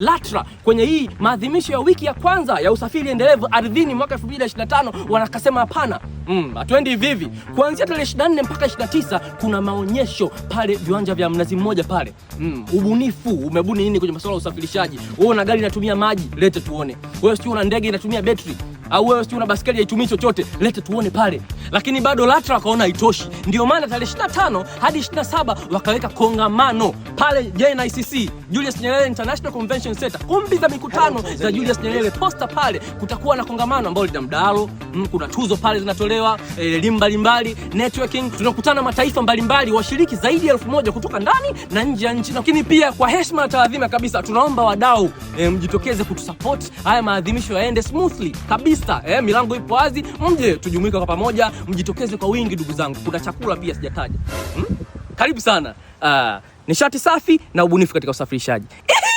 LATRA kwenye hii maadhimisho ya wiki ya kwanza ya usafiri endelevu ardhini mwaka 2025 wanakasema hapana, mm, hatuendi hivi hivi. Kuanzia tarehe 24 mpaka 29 kuna maonyesho pale viwanja vya Mnazi Mmoja pale. Mm, ubunifu umebuni nini kwenye masuala ya usafirishaji? Wewe una gari inatumia maji, lete tuone. Wewe sio una ndege inatumia betri, au wewe si una baskeli haitumii chochote, lete tuone pale. Lakini bado LATRA wakaona haitoshi, ndio maana tarehe 25 hadi 27 wakaweka kongamano pale JNICC, Julius Nyerere International Convention Center, kumbi za mikutano Hello, za Julius Nyerere posta. Pale kutakuwa na kongamano ambalo lina mdahalo, mm, kuna tuzo pale zinatolewa, eh, elimu mbalimbali, networking. Tunakutana mataifa mbalimbali, washiriki zaidi ya elfu moja kutoka ndani na nje ya nchi. Lakini pia kwa heshima na taadhima kabisa, tunaomba wadau e, mjitokeze kutusapoti haya maadhimisho yaende smoothly kabisa kabisa eh, milango ipo wazi, mje tujumuike kwa pamoja, mjitokeze kwa wingi ndugu zangu. Kuna chakula pia sijataja. Hmm? Karibu sana. Uh, nishati safi na ubunifu katika usafirishaji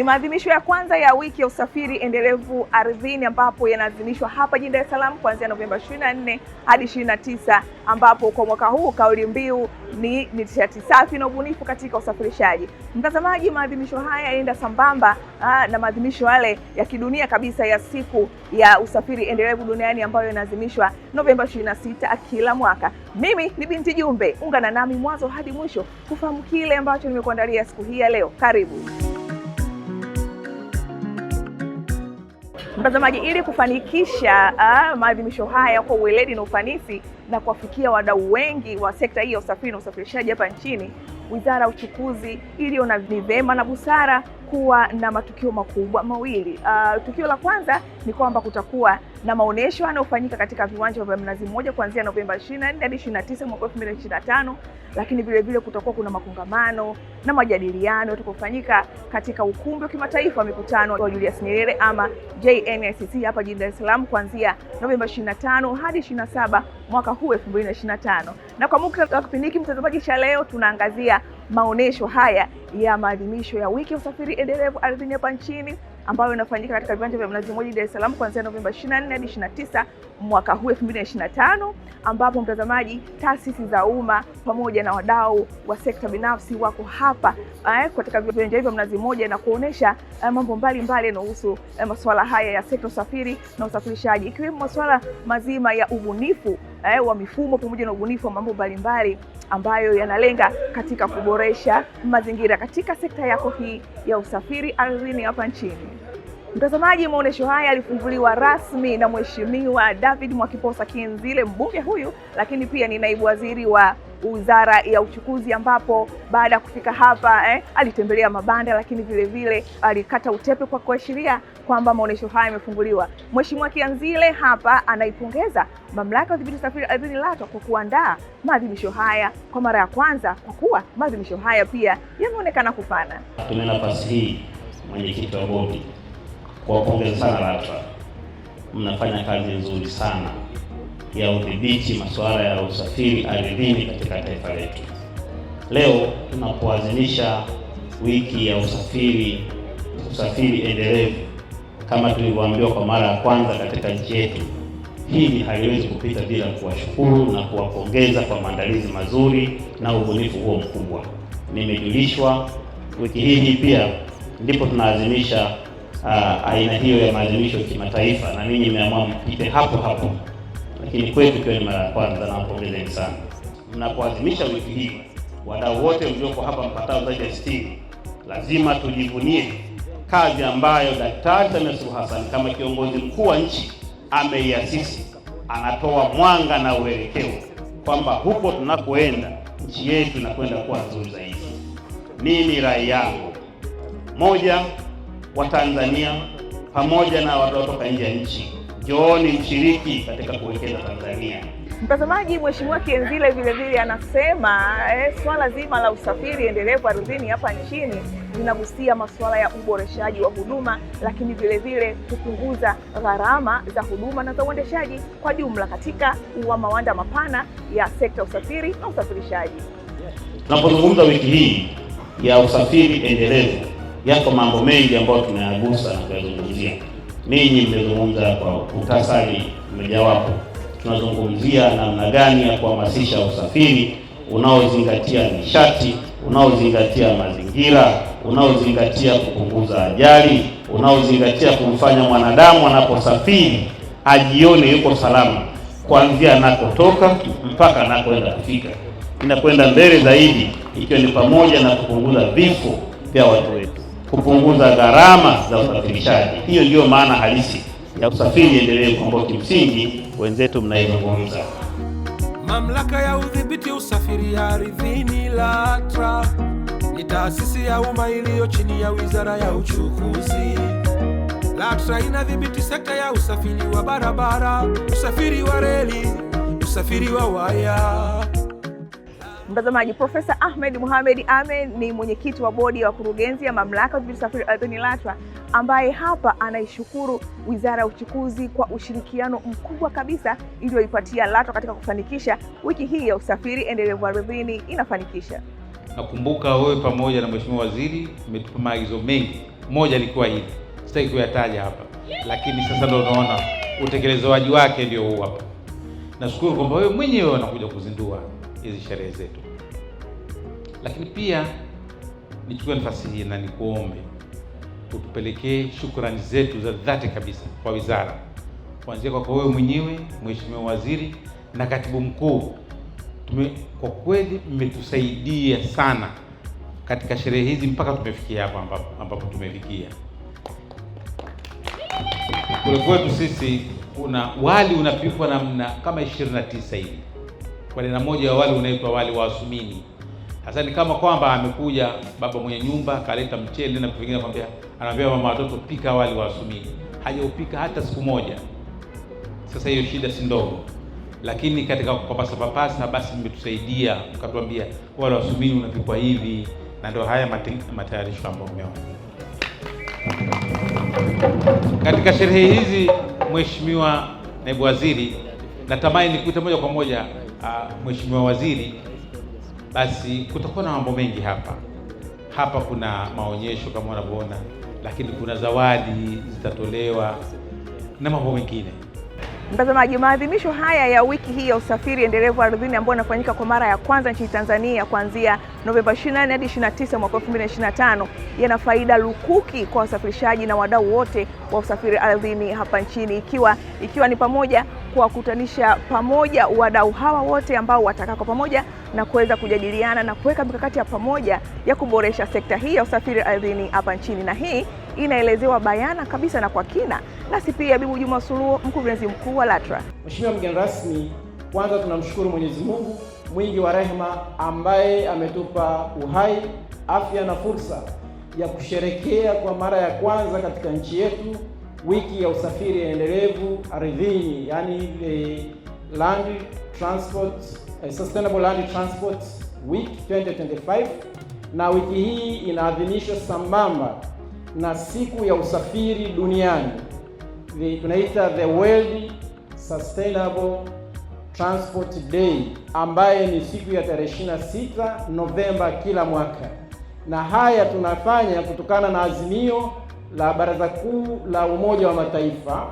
Ni maadhimisho ya kwanza ya wiki ya usafiri endelevu ardhini ambapo yanaadhimishwa hapa jijini Dar es Salaam kuanzia Novemba 24 hadi 29, ambapo kwa mwaka huu kauli mbiu ni nishati safi na ubunifu katika usafirishaji. Mtazamaji, maadhimisho haya yanaenda sambamba aa, ah, na maadhimisho yale ya kidunia kabisa ya siku ya usafiri endelevu duniani ambayo yanaadhimishwa Novemba 26 kila mwaka. Mimi ni Binti Jumbe, ungana nami mwanzo hadi mwisho kufahamu kile ambacho nimekuandalia siku hii ya leo. Karibu. Mtazamaji, ili kufanikisha uh, maadhimisho haya kwa uweledi na ufanisi na kuwafikia wadau wengi wa sekta hii ya usafiri na usafirishaji hapa nchini, Wizara ya Uchukuzi iliona ni vema na busara kutakuwa na matukio makubwa mawili. Uh, tukio la kwanza ni kwamba kutakuwa na maonyesho yanayofanyika katika viwanja vya Mnazi Mmoja kuanzia Novemba 24 hadi 29 mwaka 2025, lakini vile vile kutakuwa kuna makongamano na majadiliano yatakayofanyika katika ukumbi wa kimataifa wa mikutano wa Julius Nyerere ama JNICC hapa jijini Dar es Salaam kuanzia Novemba 25 hadi 27 mwaka huu 2025. Na kwa muktadha wa kipindi hiki mtazamaji, cha leo tunaangazia maonesho haya ya maadhimisho ya wiki ya usafiri endelevu ardhini hapa nchini ambayo inafanyika katika viwanja vya Mnazi Mmoja, Dar es Salaam kuanzia Novemba 24 hadi 29 mwaka huu 2025 ambapo mtazamaji, taasisi za umma pamoja na wadau wa sekta binafsi wako hapa eh, katika viwanja hivyo Mnazi Mmoja na kuonesha eh, mambo mbalimbali yanayohusu eh, masuala haya ya sekta usafiri na usafirishaji ikiwemo masuala mazima ya ubunifu eh, wa mifumo pamoja na ubunifu wa mambo mbalimbali ambayo yanalenga katika kuboresha mazingira katika sekta yako hii ya usafiri ardhini hapa nchini. Mtazamaji, maonesho haya yalifunguliwa rasmi na Mheshimiwa David Mwakiposa Kienzile, mbunge huyu, lakini pia ni naibu waziri wa Wizara ya Uchukuzi, ambapo baada ya kufika hapa eh, alitembelea mabanda, lakini vile vile alikata utepe kwa kuashiria kwamba maonesho haya yamefunguliwa. Mheshimiwa Kianzile hapa anaipongeza Mamlaka ya Udhibiti Usafiri Ardhini LATRA kwa kuandaa maadhimisho haya kwa mara ya kwanza, kwa kuwa maadhimisho haya pia yameonekana kufana. Tumia nafasi hii mwenyekiti wa bodi kuwapongeza sana LATRA, mnafanya kazi nzuri sana ya udhibiti masuala ya usafiri ardhini katika taifa letu. Leo tunapoadhimisha wiki ya usafiri usafiri endelevu kama tulivyoambiwa kwa mara ya kwanza katika nchi yetu, hili haliwezi kupita bila kuwashukuru na kuwapongeza kwa maandalizi mazuri na ubunifu huo mkubwa. Nimejulishwa wiki hii pia ndipo tunaadhimisha uh, aina hiyo ya maadhimisho kimataifa, na ninyi mmeamua mpite hapo hapo, lakini kwetu ikiwa ni mara ya kwanza, na sana. Mnapoadhimisha wiki hii, wadau wote mlioko hapa mpatao zaidi ya 60 lazima tujivunie kazi ambayo Daktari Samia Suluhu Hassan kama kiongozi mkuu wa nchi ameiasisi. Anatoa mwanga na uelekeo kwamba huko tunakoenda nchi yetu inakwenda kuwa nzuri zaidi. Mimi rai yangu moja wa Tanzania pamoja na wanaotoka nje ya nchi, njooni mshiriki katika kuwekeza Tanzania. Mtazamaji, Mheshimiwa Kienzile vilevile anasema eh, swala zima la usafiri endelevu ardhini hapa nchini linagusia masuala ya uboreshaji wa huduma, lakini vilevile kupunguza gharama za huduma na za uendeshaji kwa jumla katika wa mawanda mapana ya sekta ya usafiri na usafirishaji. Tunapozungumza wiki hii ya usafiri endelevu yako mambo mengi ambayo tunayagusa na kuyazungumzia. Ninyi mmezungumza kwa utasali mmejawapo. tunazungumzia namna gani ya kuhamasisha usafiri unaozingatia nishati, unaozingatia mazingira, unaozingatia kupunguza ajali, unaozingatia kumfanya mwanadamu anaposafiri ajione yuko salama kuanzia anakotoka mpaka anakoenda kufika. Inakwenda mbele zaidi, ikiwa ni pamoja na kupunguza vifo vya watu wetu kupunguza gharama za usafirishaji. Hiyo ndiyo maana halisi ya usafiri endelevu ambao kimsingi wenzetu mnaizungumza. Mamlaka ya udhibiti usafiri ya ardhini LATRA ni taasisi ya umma iliyo chini ya wizara ya uchukuzi. LATRA inadhibiti sekta ya usafiri wa barabara, usafiri wa reli, usafiri wa waya. Mtazamaji, Profesa Ahmed Mohamed ame ni mwenyekiti wa bodi ya wakurugenzi ya mamlaka ya usafiri ardhini LATRA, ambaye hapa anaishukuru Wizara ya Uchukuzi kwa ushirikiano mkubwa kabisa iliyoipatia LATRA katika kufanikisha wiki hii ya usafiri endelevu ardhini inafanikisha. Nakumbuka wewe pamoja na Mheshimiwa Waziri umetupa maagizo mengi, moja likuwa hili, sitaki kuyataja hapa, lakini sasa ndio unaona utekelezaji wake ndio huu hapa. Nashukuru kwamba wewe mwenyewe unakuja kuzindua hizi sherehe zetu. Lakini pia nichukue nafasi hii na nikuombe utupelekee shukrani zetu za dhati kabisa kwa wizara, kuanzia kwako wewe mwenyewe Mheshimiwa Waziri na Katibu Mkuu. Tume, kwa kweli mmetusaidia sana katika sherehe hizi mpaka tumefikia hapa ambapo, ambapo tumefikia. Kule kwetu sisi kuna wali unapikwa namna kama 29 hivi kwa na moja wa wali unaitwa wali wa asumini. Sasa ni kama kwamba amekuja baba mwenye nyumba kaleta mchele na vingine, anamwambia anamwambia mama watoto, pika wali wa asumini, hajaupika hata siku moja. Sasa hiyo shida si ndogo, lakini katika kupapasa papasa, basi mmetusaidia ukatuambia wali wa asumini unapikwa hivi, na ndio haya matayarisho ambayo mmeona katika sherehe hizi. Mheshimiwa Naibu Waziri, natamani nikuite moja kwa moja uh, Mheshimiwa Waziri, basi kutakuwa na mambo mengi hapa hapa. Kuna maonyesho kama unavyoona, lakini kuna zawadi zitatolewa na mambo mengine. Mtazamaji, maadhimisho haya ya wiki hii ya usafiri endelevu ardhini ambayo inafanyika kwa mara ya kwanza nchini Tanzania kuanzia Novemba 24 hadi 29 mwaka 2025 yana faida lukuki kwa wasafirishaji na wadau wote wa usafiri ardhini hapa nchini, ikiwa ikiwa ni pamoja kuwakutanisha pamoja wadau hawa wote ambao watakaa kwa pamoja na kuweza kujadiliana na kuweka mikakati ya pamoja ya kuboresha sekta hii ya usafiri ardhini hapa nchini na hii inaelezewa bayana kabisa na kwa kina, nasi pia Bibu Juma Suluo, mkurugenzi mkuu wa LATRA. Mheshimiwa mgeni rasmi, kwanza tunamshukuru Mwenyezi Mungu mwingi wa rehema ambaye ametupa uhai, afya na fursa ya kusherekea kwa mara ya kwanza katika nchi yetu wiki ya usafiri endelevu ardhini, yani the land transport eh, sustainable land transport week 2025, na wiki hii inaadhimishwa sambamba na siku ya usafiri duniani the, tunaita the World Sustainable Transport Day ambaye ni siku ya tarehe 26 Novemba kila mwaka, na haya tunafanya kutokana na azimio la Baraza Kuu la Umoja wa Mataifa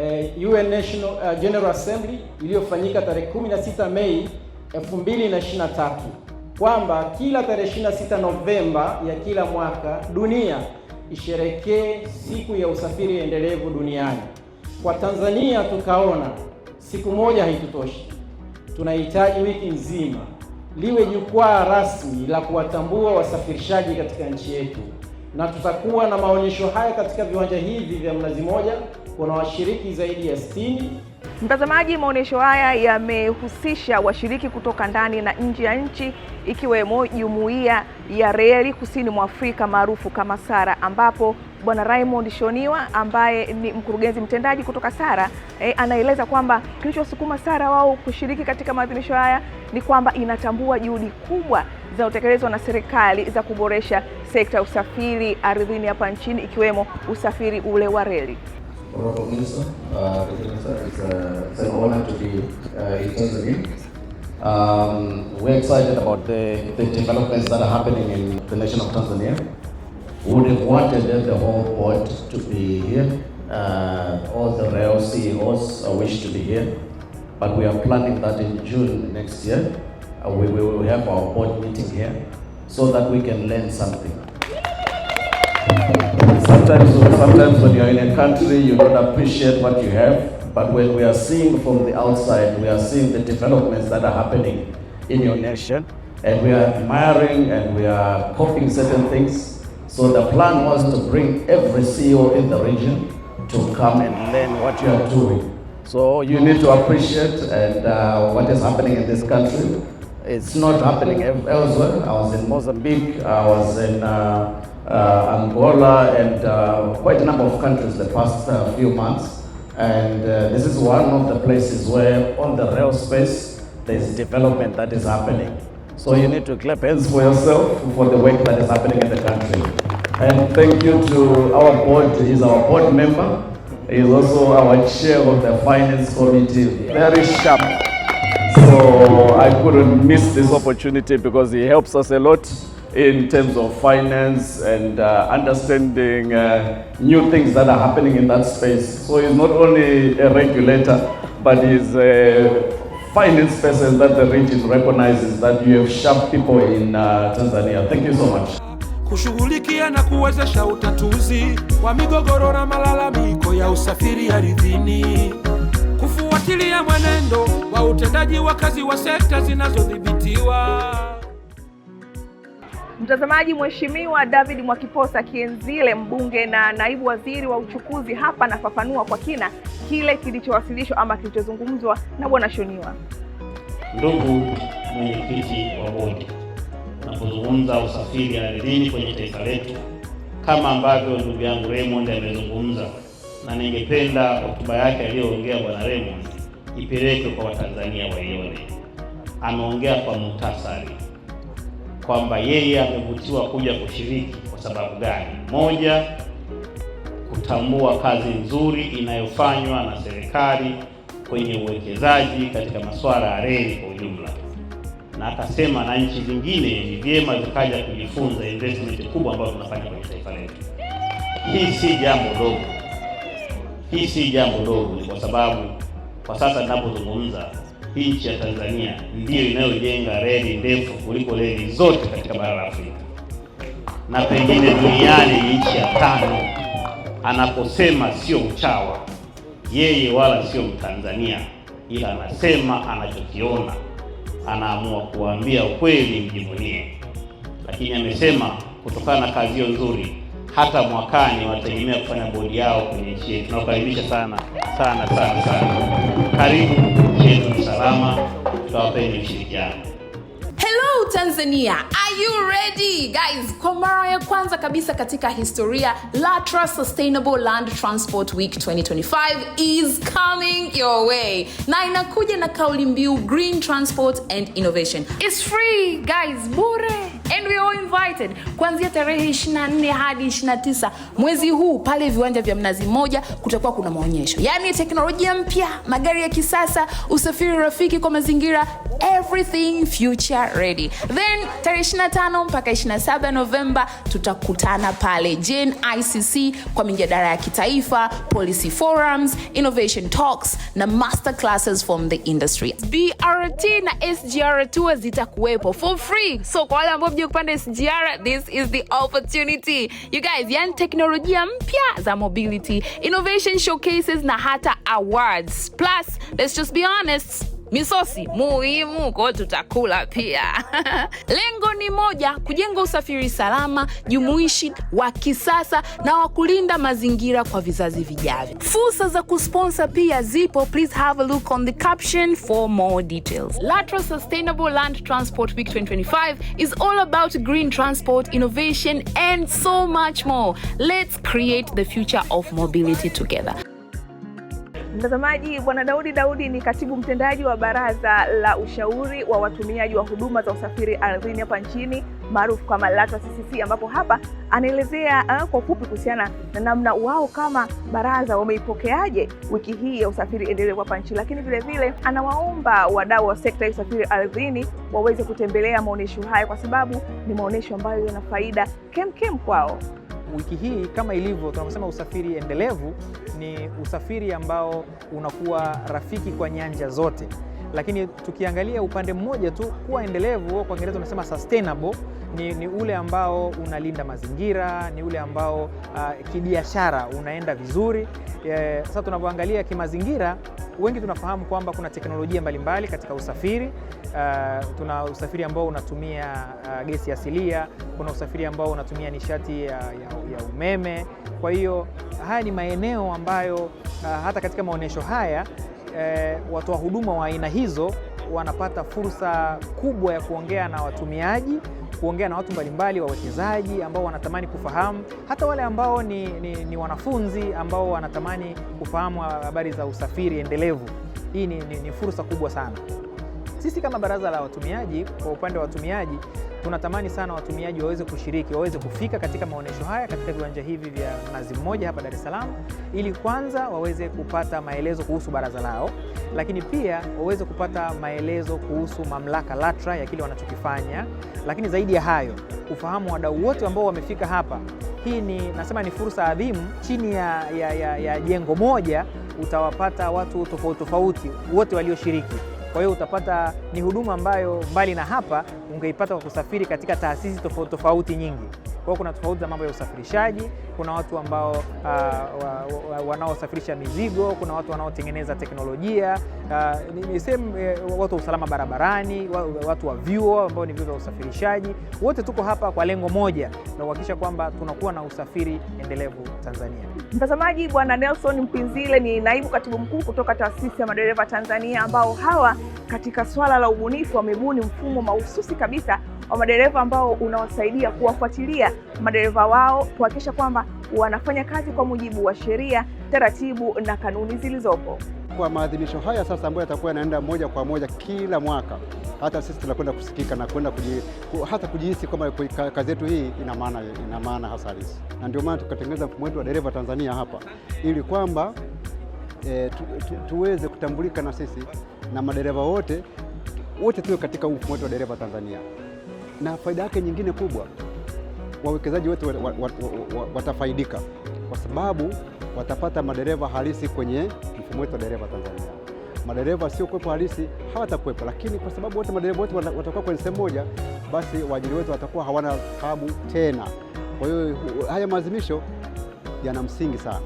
eh, UN National uh, General Assembly iliyofanyika tarehe 16 Mei 2023 kwamba kila tarehe 26 Novemba ya kila mwaka dunia isherekee siku ya usafiri endelevu duniani. Kwa Tanzania tukaona siku moja haitutoshi, tunahitaji wiki nzima liwe jukwaa rasmi la kuwatambua wasafirishaji katika nchi yetu, na tutakuwa na maonyesho haya katika viwanja hivi vya Mnazi Moja. Kuna washiriki zaidi ya Mtazamaji, maonyesho haya yamehusisha washiriki kutoka ndani na nje ya nchi ikiwemo jumuiya ya reli kusini mwa Afrika maarufu kama SARA, ambapo Bwana Raymond Shoniwa ambaye ni mkurugenzi mtendaji kutoka SARA eh, anaeleza kwamba kilichosukuma SARA wao kushiriki katika maadhimisho haya ni kwamba inatambua juhudi kubwa zinazotekelezwa na serikali za kuboresha sekta ya usafiri ardhini hapa nchini ikiwemo usafiri ule wa reli. Honorable Minister, uh, Minister it's, a, uh, it's, an honor to be uh, in Tanzania. Um, we're excited about the, the developments that are happening in the nation of Tanzania. We would have wanted the whole board to be here. Uh, all the rail CEOs wish to be here, but we are planning that in June next year. Uh, we, we will have our board meeting here so that we can learn something. Sometimes, sometimes when you're in a country, you don't appreciate what you have. But when we are seeing from the outside, we are seeing the developments that are happening in your nation, and we are admiring and we are copying certain things. So the plan was to bring every CEO in the region to come and learn what you are doing. So you need to appreciate and uh, what is happening in this country. It's not happening elsewhere. I was in Mozambique. I was in. Uh, uh, Angola, and uh, quite a number of countries the past uh, few months. And this is one of the places where, on the rail space, there's development that is happening. So you need to clap hands for yourself for the work that is happening in the country. And thank you to our board. He's our board member. He's also our chair of the finance committee. Very sharp. So I couldn't miss this opportunity because he helps us a lot. in terms of finance and uh, understanding uh, new things that are happening in that space. So he's not only a regulator, but he's a finance person that the region recognizes that you have sharp people in uh, Tanzania. Thank you so much. Kushughulikia na kuwezesha utatuzi wa migogoro na malalamiko ya usafiri ardhini, kufuatilia mwenendo wa utendaji wa kazi wa sekta zinazodhibitiwa. Mtazamaji, Mheshimiwa David Mwakiposa Kienzile, mbunge na naibu waziri wa uchukuzi, hapa anafafanua kwa kina kile kilichowasilishwa ama kilichozungumzwa na bwana Shoniwa. Ndugu mwenyekiti wa bodi, unapozungumza usafiri ardhini kwenye taifa letu, kama ambavyo ndugu yangu Raymond amezungumza, na ningependa hotuba yake aliyoongea bwana Raymond ipelekwe kwa Watanzania waione. Ameongea kwa muhtasari kwamba yeye amevutiwa kuja kushiriki kwa sababu gani? Moja, kutambua kazi nzuri inayofanywa na serikali kwenye uwekezaji katika masuala ya reli kwa ujumla, na akasema na nchi zingine ni vyema zikaja kujifunza investment kubwa ambayo tunafanya kwenye taifa letu. Hii si jambo dogo, hii si jambo dogo, ni kwa sababu kwa sasa ninapozungumza nchi ya Tanzania ndiyo inayojenga reli ndefu kuliko reli zote katika bara la Afrika na pengine duniani ni nchi ya tano. Anaposema sio mchawa yeye, wala sio Mtanzania, ila anasema anachokiona, anaamua kuambia ukweli, mjivunie. Lakini amesema kutokana na kazi hiyo nzuri hata mwakani wategemea kufanya bodi yao kwenye nchi yetu. Tunawakaribisha sana sana sana sana, karibu zenu salama, tutawapeni ushirikiano. Hello Tanzania, are you ready guys? Kwa mara ya kwanza kabisa katika historia, LATRA Sustainable Land Transport Week 2025 is coming your way na inakuja na kauli mbiu green transport and innovation. It's free guys, bure and we all invited kuanzia tarehe 24 hadi 29 mwezi huu pale viwanja vya Mnazi Mmoja kutakuwa kuna maonyesho, yaani teknolojia mpya, magari ya kisasa, usafiri rafiki kwa mazingira everything future ready. Then tarehe 25 mpaka 27 Novemba tutakutana pale jane ICC kwa mijadala ya kitaifa, policy forums, innovation talks na master classes from the industry. BRT na SGR tour zitakuwepo for free. So kwa wale ambao mje kupanda SGR, this is the opportunity. You guys, yani teknolojia mpya za mobility, innovation showcases na hata awards. Plus, let's just be honest misosi muhimu, kwa tutakula pia lengo ni moja, kujenga usafiri salama, jumuishi, wa kisasa na wa kulinda mazingira kwa vizazi vijavyo. Fursa za kusponsa pia zipo, please have a look on the caption for more details. LATRA Sustainable Land Transport Week 2025 is all about green transport innovation and so much more. Let's create the future of mobility together. Mtazamaji, Bwana Daudi Daudi ni katibu mtendaji wa Baraza la Ushauri wa Watumiaji wa Huduma za Usafiri Ardhini hapa nchini maarufu kama LATRA CCC, ambapo hapa anaelezea uh, kwa ufupi kuhusiana na namna wao kama baraza wameipokeaje wiki hii ya usafiri endelevu hapa nchini, lakini vilevile anawaomba wadau wa sekta ya usafiri ardhini waweze kutembelea maonyesho haya kwa sababu ni maonyesho ambayo yana faida kemkem kwao wiki hii kama ilivyo tunaposema usafiri endelevu, ni usafiri ambao unakuwa rafiki kwa nyanja zote. Lakini tukiangalia upande mmoja tu, kuwa endelevu kwa Kiingereza unasema sustainable ni, ni ule ambao unalinda mazingira, ni ule ambao uh, kibiashara unaenda vizuri. E, sasa tunapoangalia kimazingira, wengi tunafahamu kwamba kuna teknolojia mbalimbali mbali katika usafiri. Uh, tuna usafiri ambao unatumia uh, gesi asilia, kuna usafiri ambao unatumia nishati ya, ya, ya umeme. Kwa hiyo haya ni maeneo ambayo uh, hata katika maonyesho haya eh, watoa huduma wa aina hizo wanapata fursa kubwa ya kuongea na watumiaji, kuongea na watu mbalimbali, wawekezaji ambao wanatamani kufahamu, hata wale ambao ni, ni, ni wanafunzi ambao wanatamani kufahamu habari za usafiri endelevu. Hii ni, ni, ni fursa kubwa sana. Sisi kama baraza la watumiaji, kwa upande wa watumiaji Tunatamani sana watumiaji waweze kushiriki, waweze kufika katika maonyesho haya katika viwanja hivi vya Mnazi Mmoja hapa Dar es Salaam, ili kwanza waweze kupata maelezo kuhusu baraza lao, lakini pia waweze kupata maelezo kuhusu mamlaka LATRA ya kile wanachokifanya, lakini zaidi ya hayo ufahamu wadau wote ambao wamefika hapa. Hii ni nasema ni fursa adhimu. Chini ya, ya, ya, ya jengo moja utawapata watu tofauti tofauti wote walioshiriki. Kwa hiyo utapata ni huduma ambayo mbali na hapa ungeipata kwa kusafiri katika taasisi tofauti tofauti nyingi. Kwa hiyo kuna tofauti za mambo ya usafirishaji, kuna watu ambao uh, wa, wa, wanaosafirisha mizigo, kuna watu wanaotengeneza teknolojia uh, ni sehemu uh, watu wa usalama barabarani, watu wa vyuo ambao ni vyuo vya usafirishaji. Wote tuko hapa kwa lengo moja la kuhakikisha kwamba tunakuwa na usafiri endelevu Tanzania. Mtazamaji, Bwana Nelson Mpinzile ni naibu katibu mkuu kutoka taasisi ya madereva Tanzania, ambao hawa katika swala la ubunifu wamebuni mfumo mahususi kabisa wa madereva ambao unawasaidia kuwafuatilia madereva wao kuhakikisha kwamba wanafanya kazi kwa mujibu wa sheria, taratibu na kanuni zilizopo. Kwa maadhimisho haya sasa ambayo yatakuwa yanaenda moja kwa moja kila mwaka, hata sisi tunakwenda kusikika na kwenda kuji, hata kujihisi kwamba kazi yetu hii ina maana, ina maana hasa halisi, na ndio maana tukatengeneza mfumo wetu wa dereva Tanzania hapa ili kwamba e, tu, tu, tuweze kutambulika na sisi na madereva wote wote tuwe katika mfumo wetu wa dereva Tanzania. Na faida yake nyingine kubwa, wawekezaji wetu watafaidika kwa sababu watapata madereva halisi kwenye mfumo wetu wa dereva Tanzania. Madereva sio kuwepo halisi hawatakuwepo, lakini kwa sababu wote madereva wote watakuwa kwenye sehemu moja, basi waajiri wetu watakuwa hawana tabu tena. Kwa hiyo haya maazimisho yana msingi sana.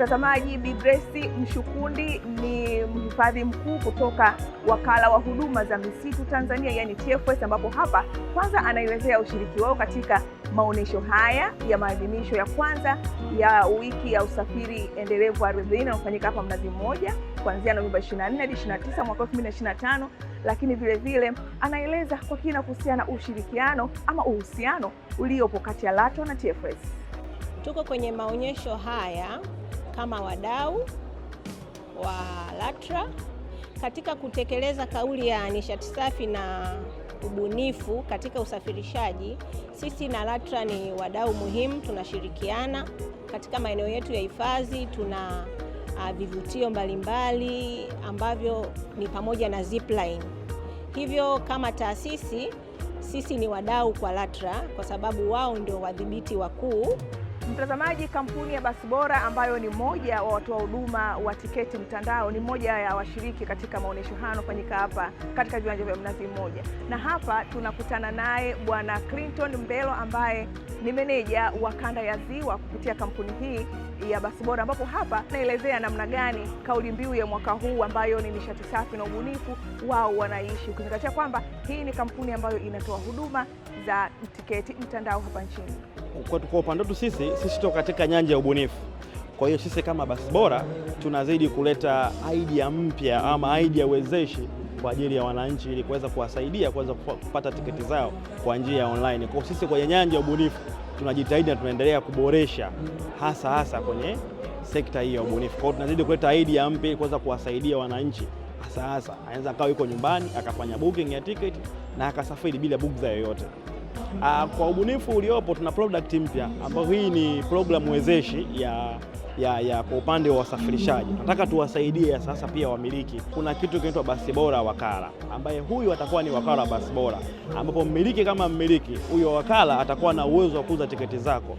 Mtazamaji, Bi Grace Mshukundi ni mhifadhi mkuu kutoka Wakala wa Huduma za Misitu Tanzania, yani TFS, ambapo hapa kwanza anaelezea ushiriki wao katika maonyesho haya ya maadhimisho ya kwanza ya wiki ya usafiri endelevu ardhini yanayofanyika hapa Mnazi Mmoja kuanzia Novemba 24 hadi 29 mwaka 2025, lakini vilevile anaeleza kwa kina kuhusiana ushirikiano ama uhusiano uliopo kati ya LATRA na TFS. Tuko kwenye maonyesho haya kama wadau wa LATRA katika kutekeleza kauli ya nishati safi na ubunifu katika usafirishaji. Sisi na LATRA ni wadau muhimu, tunashirikiana katika maeneo yetu ya hifadhi. Tuna uh, vivutio mbalimbali ambavyo ni pamoja na zipline. Hivyo kama taasisi sisi ni wadau kwa LATRA kwa sababu wao ndio wadhibiti wakuu Mtazamaji, kampuni ya Basi Bora ambayo ni moja wa watoa huduma wa tiketi mtandao ni mmoja ya washiriki katika maonyesho haya yanayofanyika hapa katika viwanja vya Mnazi Mmoja, na hapa tunakutana naye Bwana Clinton Mbelo ambaye ni meneja wa kanda ya Ziwa kupitia kampuni hii ya Basi Bora, ambapo hapa naelezea namna gani kauli mbiu ya mwaka huu ambayo ni nishati safi na ubunifu wao wanaishi, ukizingatia kwamba hii ni kampuni ambayo inatoa huduma za tiketi mtandao hapa nchini kwa upande wetu sisi, sisi tuko katika nyanja ya ubunifu. Kwa hiyo sisi kama basi bora tunazidi kuleta idea mpya ama idea wezeshi kwa ajili ya wananchi ili kuweza kuwasaidia kuweza kupata tiketi zao kwa njia ya online. Kwa sisi kwenye nyanja ya ubunifu tunajitahidi na tunaendelea kuboresha hasa hasa kwenye sekta hii ya ubunifu. Kwa hiyo tunazidi kuleta idea mpya ili kuweza kuwasaidia wananchi hasa hasa, anaweza akawa yuko nyumbani akafanya booking ya tiketi na akasafiri bila bugdha yoyote. Uh, kwa ubunifu uliopo tuna product mpya ambayo hii ni program wezeshi ya ya, ya kwa upande wa wasafirishaji nataka tuwasaidie sasa pia wamiliki. Kuna kitu kinaitwa basi bora wakala, ambaye huyu atakuwa ni wakala wa basi bora, ambapo mmiliki kama mmiliki huyo wakala atakuwa na uwezo wa kuuza tiketi zako,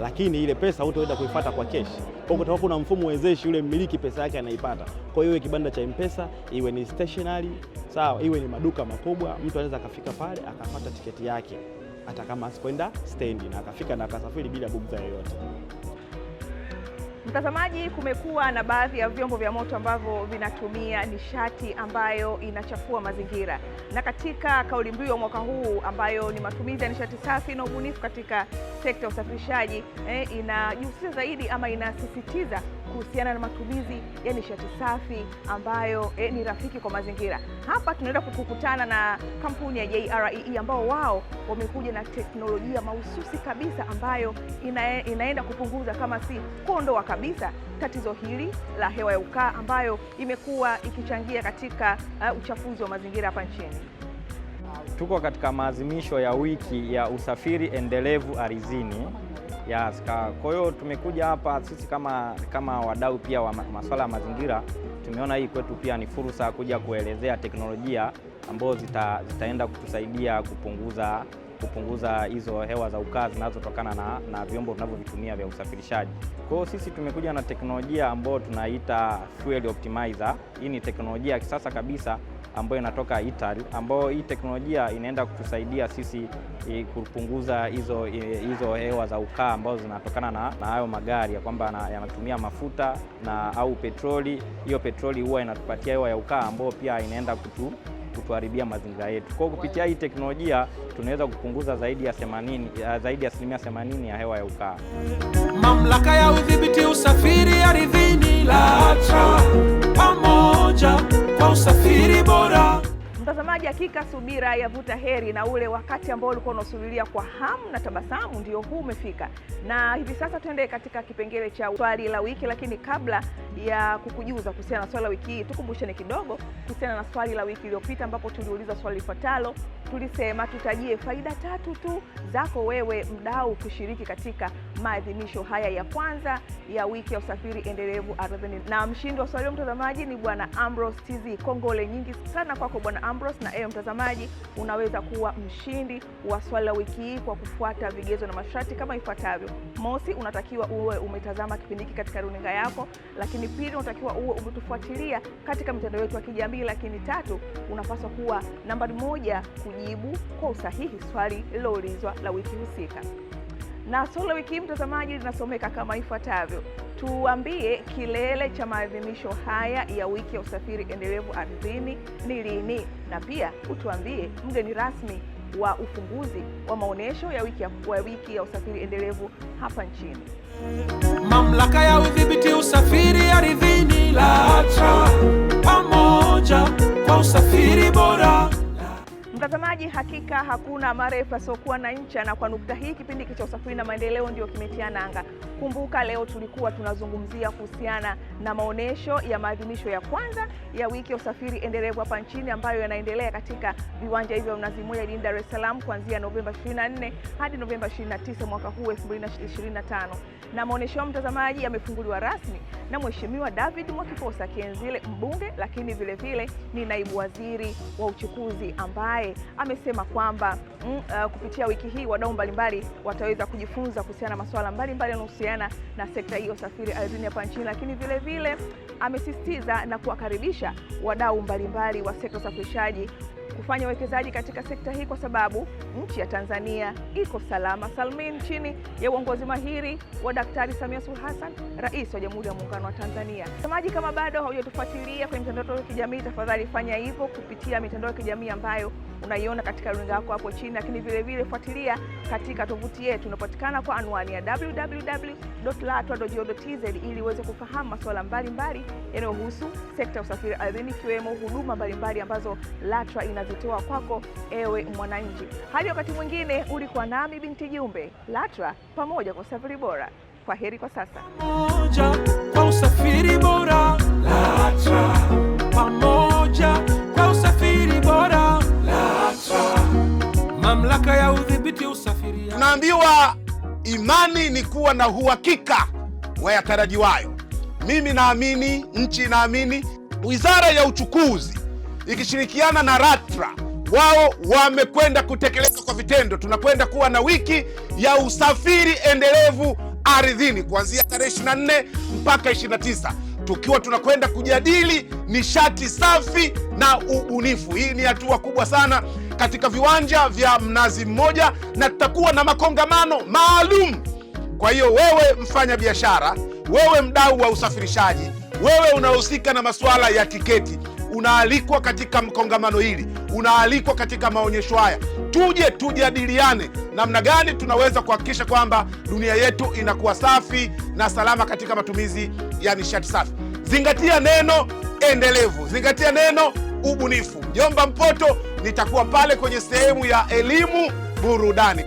lakini ile pesa hutaweza kuipata kwa keshi. Kwa hiyo kuna mfumo wezeshi, yule mmiliki pesa yake anaipata. Kwa hiyo iwe kibanda cha mpesa, iwe ni stationary, sawa, iwe ni maduka makubwa, mtu anaweza akafika pale akapata tiketi yake hata kama asipoenda stendi na akafika na akasafiri bila bugdha yoyote. Mtazamaji, kumekuwa na baadhi ya vyombo vya moto ambavyo vinatumia nishati ambayo inachafua mazingira, na katika kauli mbiu ya mwaka huu ambayo ni matumizi ya nishati safi na ubunifu katika sekta ya usafirishaji eh, inajihusisha zaidi ama inasisitiza kuhusiana na matumizi ya nishati safi ambayo e, ni rafiki kwa mazingira. Hapa tunaenda kukutana na kampuni ya JREE ambao wao wamekuja na teknolojia mahususi kabisa ambayo ina, inaenda kupunguza kama si kuondoa kabisa tatizo hili la hewa ya ukaa ambayo imekuwa ikichangia katika uh, uchafuzi wa mazingira hapa nchini. Tuko katika maazimisho ya wiki ya usafiri endelevu ardhini ya Kwa hiyo tumekuja hapa sisi kama, kama wadau pia wa masuala ya mazingira, tumeona hii kwetu pia ni fursa kuja kuelezea teknolojia ambazo zita, zitaenda kutusaidia kupunguza kupunguza hizo hewa za ukaa zinazotokana na, na vyombo tunavyovitumia vya usafirishaji. Kwa hiyo sisi tumekuja na teknolojia ambayo tunaita fuel optimizer. Hii ni teknolojia ya kisasa kabisa ambayo inatoka Ital, ambayo hii teknolojia inaenda kutusaidia sisi eh, kupunguza hizo eh, hizo hewa za ukaa ambazo zinatokana na hayo magari ya kwamba yanatumia mafuta na au petroli. Hiyo petroli huwa inatupatia hewa ya ukaa ambayo pia inaenda kutu kutuharibia mazingira yetu. Kwa kupitia hii teknolojia tunaweza kupunguza zaidi ya 80 zaidi ya asilimia 80 ya hewa ya ukaa. Mamlaka ya Udhibiti Usafiri Ardhini LATRA pamoja kwa usafiri bora. Mtazamaji, hakika subira yavuta heri, na ule wakati ambao ulikuwa unasubiria kwa hamu na tabasamu ndio huu umefika, na hivi sasa tuende katika kipengele cha swali la wiki, lakini kabla ya kukujuza kuhusiana na swali la wiki hii. Tukumbushane kidogo kuhusiana na swali la wiki iliyopita, ambapo tuliuliza swali lifuatalo. Tulisema tutajie faida tatu tu zako wewe mdau kushiriki katika maadhimisho haya ya kwanza ya wiki ya usafiri endelevu ardhini, na mshindi wa swali mtazamaji ni bwana Ambrose TZ. Kongole nyingi sana kwako bwana Ambrose, na ewe mtazamaji unaweza kuwa mshindi wa swali la wiki hii kwa kufuata vigezo na masharti kama ifuatavyo. Mosi, unatakiwa uwe umetazama kipindi hiki katika runinga yako, lakini lakini pili, unatakiwa uwe umetufuatilia katika mitandao yetu ya kijamii. Lakini tatu, unapaswa kuwa nambari moja kujibu kwa usahihi swali lililoulizwa la wiki husika. Na swali la wiki hii, mtazamaji, linasomeka kama ifuatavyo: tuambie kilele cha maadhimisho haya ya wiki ya usafiri endelevu ardhini ni lini, na pia utuambie mgeni rasmi wa ufunguzi wa maonyesho ya wiki ya, wiki ya usafiri endelevu hapa nchini. Mamlaka ya udhibiti usafiri ardhini LATRA, pamoja kwa usafiri bora. Mtazamaji, hakika hakuna marefu asiokuwa na ncha, na kwa nukta hii kipindi cha usafiri na maendeleo ndio kimetia nanga. Kumbuka leo tulikuwa tunazungumzia kuhusiana na maonyesho ya maadhimisho ya kwanza ya wiki ya usafiri endelevu hapa nchini ambayo yanaendelea katika viwanja hivyo vya Mnazi Mmoja jijini Dar es Salaam kuanzia Novemba 24 hadi Novemba 29 mwaka huu 2025. Na maonyesho ya mtazamaji yamefunguliwa rasmi na Mheshimiwa David Mwakiposa Kienzile, mbunge lakini vile vile ni naibu waziri wa uchukuzi, ambaye amesema kwamba mm, uh, kupitia wiki hii wadau mbalimbali wataweza kujifunza kuhusiana na masuala mbalimbali yanayohusiana kuhusiana na sekta hii ya usafiri ardhini hapa nchini, lakini vile vile amesisitiza na kuwakaribisha wadau mbalimbali wa sekta usafirishaji kufanya uwekezaji katika sekta hii kwa sababu nchi ya Tanzania iko salama salmin chini ya uongozi mahiri wa Daktari Samia Suluhu Hassan, rais wa Jamhuri ya Muungano wa Tanzania. Mtazamaji, kama bado haujatufuatilia kwenye mitandao ya kijamii, tafadhali fanya hivyo kupitia mitandao ya kijamii ambayo unaiona katika runinga yako hapo chini, lakini vile vile fuatilia katika tovuti yetu, unapatikana kwa anwani ya www.latwa.go.tz ili uweze kufahamu masuala mbalimbali yanayohusu sekta ya usafiri ardhini, ikiwemo huduma mbalimbali ambazo LATRA inazitoa kwako, ewe mwananchi. Hadi wakati mwingine, ulikuwa nami Binti Jumbe. LATRA pamoja kwa usafiri bora. Kwa heri kwa sasa, kwa usafiri bora LATRA. Mamlaka ya udhibiti usafiri. Tunaambiwa imani ni kuwa na uhakika wa yatarajiwayo. Mimi naamini, nchi inaamini. Wizara ya Uchukuzi ikishirikiana na ratra wao wamekwenda kutekeleza kwa vitendo. Tunakwenda kuwa na wiki ya usafiri endelevu ardhini kuanzia tarehe 24 mpaka 29 tukiwa tunakwenda kujadili nishati safi na ubunifu. Hii ni hatua kubwa sana katika viwanja vya Mnazi Mmoja, na tutakuwa na makongamano maalum. Kwa hiyo wewe mfanya biashara, wewe mdau wa usafirishaji, wewe unahusika na masuala ya tiketi, unaalikwa katika mkongamano hili, unaalikwa katika maonyesho haya, tuje tujadiliane namna gani tunaweza kuhakikisha kwamba dunia yetu inakuwa safi na salama katika matumizi ya nishati safi. Zingatia neno endelevu, zingatia neno ubunifu. Jomba Mpoto nitakuwa pale kwenye sehemu ya elimu burudani.